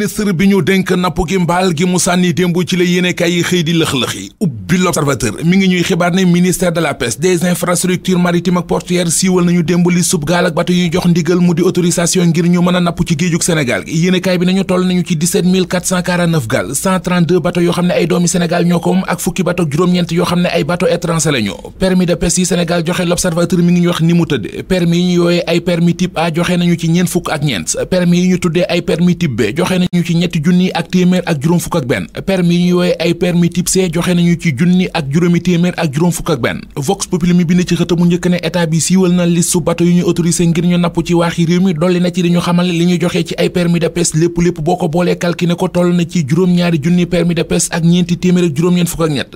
ministre bi ñu dénk napp gi mbaal gi mu sànni démb ci la yéenekaay yi xëy di lëx-lëx ubbi l'observateur mi ngi ñuy xibaar ne ministère de la pêche des infrastructures maritimes ak portuaires siiwal nañu démb li sub gaal ak bato yuy jox ndigal mu di autorisation ngir ñu mën a napp ci géejug Sénégal gi yéenekaay bi nañu toll nañu ci gaal bato yoo xam ne ay doomi Sénégal ñoo ko ak fukki bato juróom-ñeent yoo xam ne ay bato étranger lañu permis de pêche yi Sénégal mi ngi ñuy wax ñu yooyee ay permis type A joxe nañu ci ñeent nañu ci ñetti junni ak téeméer ak juróom fukk ak benn permis yi ñuy wooye ay permis type joxe nañu ci junni ak juróomi téeméer ak juróom fukk ak benn Vox Populi mi bind ci xët mu njëkk ne état bi siiwal na liste su bateau yu ñu autorisé ngir ñu napp ci waaxi réew mi dolli na ci dañu xamal li ñu joxe ci ay permis de pêche lépp lépp boo ko boolee calculé ko toll na ci juróom-ñaari junni permis de pêche ak ñeenti téeméer ak juróom-ñeent fukk ak ñett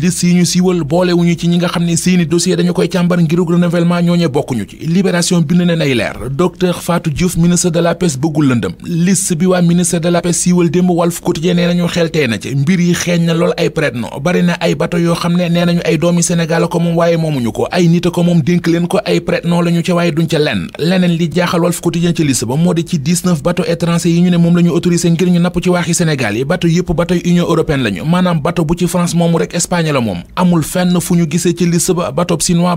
liste yi ñu siiwal boolewuñu ci ñi nga xam ne seeni dossier dañu koy càmbar ngirug renouvellement ñooñe bokkuñu ci libération bind na nay leer docteur Fatou Diouf ministre de la pêche bëggul lëndëm liste bi waa ministre de la pêche siiwal démb Walf Quotidien nee nañu xeltee na ci mbir yi xeeñ na lool ay prête non bari na ay bato yoo xam ne nee nañu ay doomi Sénégal ko moom waaye moomuñu ko ay nit ko moom dénk leen ko ay prête non la ca waaye duñ kaña la moom amul fenn fu ñu gisee ci liste ba bateau chinois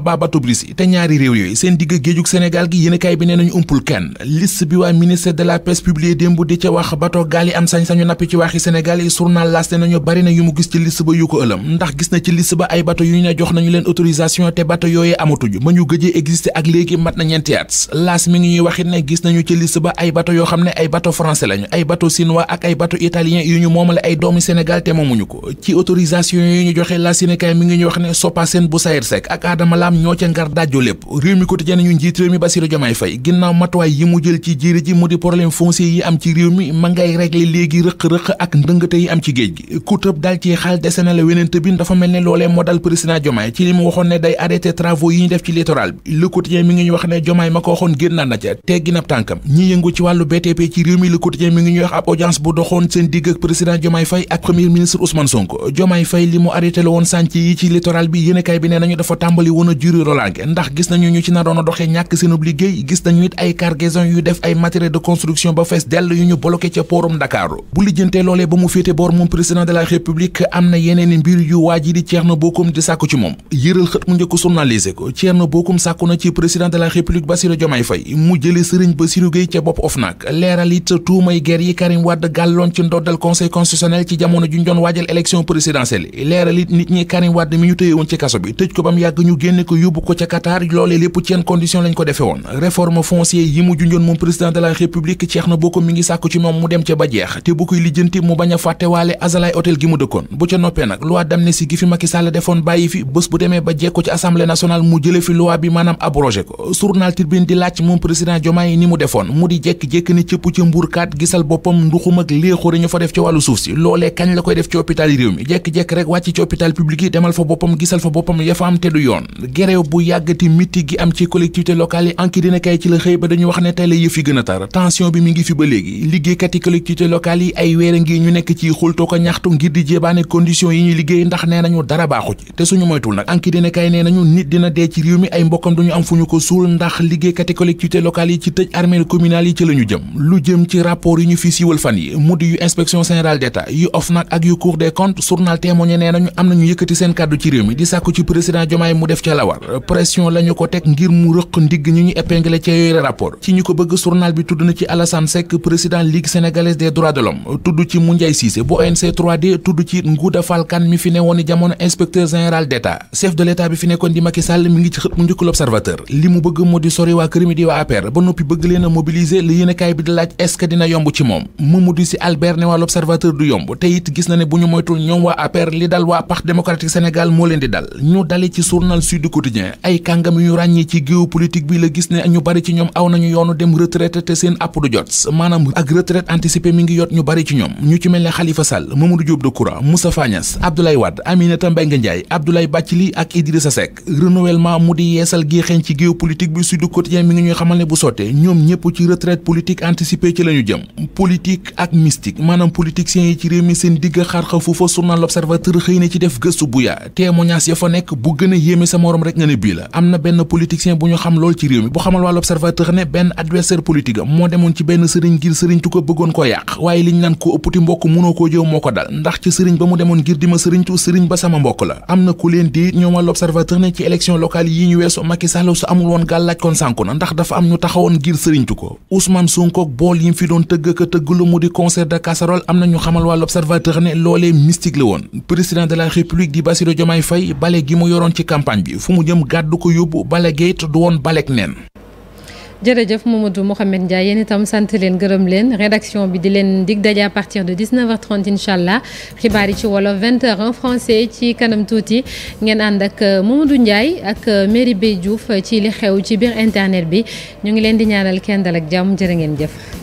te ñaari réew yooyu seen digg géejug Sénégal gi yéenekaay bi nee nañu umpul kenn liste bi waa ministère de la pêche publié démb di wax bateau gaal am sañ-sañu nappi ci waaxi Sénégal yi journal L'As ne nañu bari na yu mu gis ci liste ba yu ko ëlëm ndax gis na ci liste ba ay bateau yu ñu ne jox nañu leen autorisation te bateau yooyu amatuñu ba ñu gëjee existé ak léegi mat na ñeenti at mi ngi ñuy waxit las yéenekaay mi ngi ñuy wax ne Soppa bu Saer Seck ak Adama Lam ñoo ca ngar dajjo lépp réew mi quotidien ñu njiit réew mi Bassirou Diomaye Faye ginnaaw matuwaay yi mu jël ci jiiri ji mu di problème foncier yi am ci réew mi ma ngay régler léegi rëq-rëq ak ndëngate yi am ci géej gi kutëb dal ci xaal desena la wenente bi dafa mel ne loolee moo dal président Diomaye ci li mu waxoon ne day arrêté travaux yi ñu def ci littoral bi le quotidien woon sànc yi ci littoral bi yéenekaay bi nee nañu dafa tàmbali woon juri rolaange ndax gis nañu ñu ci naroon a doxee ñàkk seenub liggéey gis nañu it ay cargaison yu def ay matériel de construction ba fees dell yu ñu bloqué ca poorum Dakar bu lijjantee loolee ba mu féete boor président de la république am na yeneeni mbir yu waa ji di Thierno Bocoum di sàkku ci moom yëral xët mu njëkk journalisé ko Thierno Bocoum sàkku na ci président de la république nit ñi Karim Wade mi ñu tëye woon ci kaso bi tëj ko ba yàgg ñu génne ko yóbbu ko ca Qatar loolee lépp ci yenn condition ko defe woon réforme foncière yi mu junjoon moom président de la république ceex na bokk mi ngi sàkku ci moom mu dem ca ba jeex te bu koy lijjanti mu bañ a fàttewaale Azalaï hôtel gi mu dëkkoon bu ca noppee nag loi d'amnistie gi fi Macky defoon bàyyi fi bés bu demee ba jekko ci assemblée nationale mu jële fi loi bi maanaam hôpital public yi demal fa boppam gisal fa boppam ya fa am te du yoon gereew bu yàggati mitti gi am ci collectivité locale yi anki dina kay ci la xëy ba dañu wax ne tey la yëf yi gën a tar tension bi mi ngi fi ba léegi liggéeykat yi collectivité locale yi ay weer ngi ñu nekk ci xultoo ñaxtu ngir di jéebaane condition yi ñuy liggéey ndax nee nañu dara baaxu ci te suñu moytul nag anki dina kay nee nañu nit dina dee ci réew mi ay mbokkam duñu am fu ñu yëkkati seen kàddu ci réew mi di sàkku ci président Diomaye mu def ca la war pression la ko teg ngir mu rëq ndigg ñu ñu épinglé ca yooyu rapport ci ñu ko bëgg journal bi tudd na ci Alassane Seck président Ligue sénégalaise des droits de l'homme tudd ci Moundiaye Cissé bu ONC 3D tudd ci Ngouda Fall mi fi newoon jamono inspecteur général d'État chef de l'État bi fi nekkoon di Macky Sall mi ngi ci xët mu njëkk l'Observateur li mu bëgg moo Parti démocratique Sénégal moo leen di dal ñu dale ci journal Sud Quotidien ay kàngam yu ràññee ci géopolitique bi la gis ne ñu bari ci ñoom aw nañu yoonu dem retraite te seen àpp du jot maanaam ak retraite anticipée mi ngi yot ñu bari ci ñoom ñu ci mel ne Khalifa Sall Mamadou Diop Decroix Moustapha Niasse Abdoulaye Wade Aminata Mbengue Ndiaye Abdoulaye Bathily ak Idrissa Seck renouvellement mu di yeesal gi xeeñ ci géopolitique bi Sud Quotidien mi ngi ñuy xamal ne ñoom ñëpp ci retraite politique anticipée ci la maanaam politiciens yi ci réew mi seen digg na ci def def gëstu ya fa nekk bu gën yéeme sa morom rek nga ne bii la am na benn politicien bu ñu xam lool ci réew mi bu xamal wàllu observateur ne benn adversaire politique am moo demoon ci benn sëriñ ngir sëriñ ko bëggoon koo yàq waaye liñ naan ko ëppati mbokk mënoo koo jëw moo ko dal ndax ci sëriñ ba mu demoon ngir di ma sëriñtu sëriñ ba sama mbokk la am na ku leen di ñoom wàllu ne ci élection locale yi ñu weesu Macky Sall su amul woon gàllaaj république di Bassirou Diomaye Faye bale gi mu yoroon ci campagne bi fu mu jëm gàddu ko yóbbu bale gayit du woon balek neen jërëjëf Mamadou Mouhamed Ndiaye yéen itam sant leen gërëm leen rédaction bi di leen dig daje à partir de 19h30 incha allah xibaar yi ci wolof 20h français ci kanam tuuti ngeen ànd ak euh, Mamadou Ndiaye ak euh, Mary Bey Diouf euh, ci li xew ci biir internet bi ñu ngi leen di ñaanal kenn dal ak jàmm jërë ngeen jëf.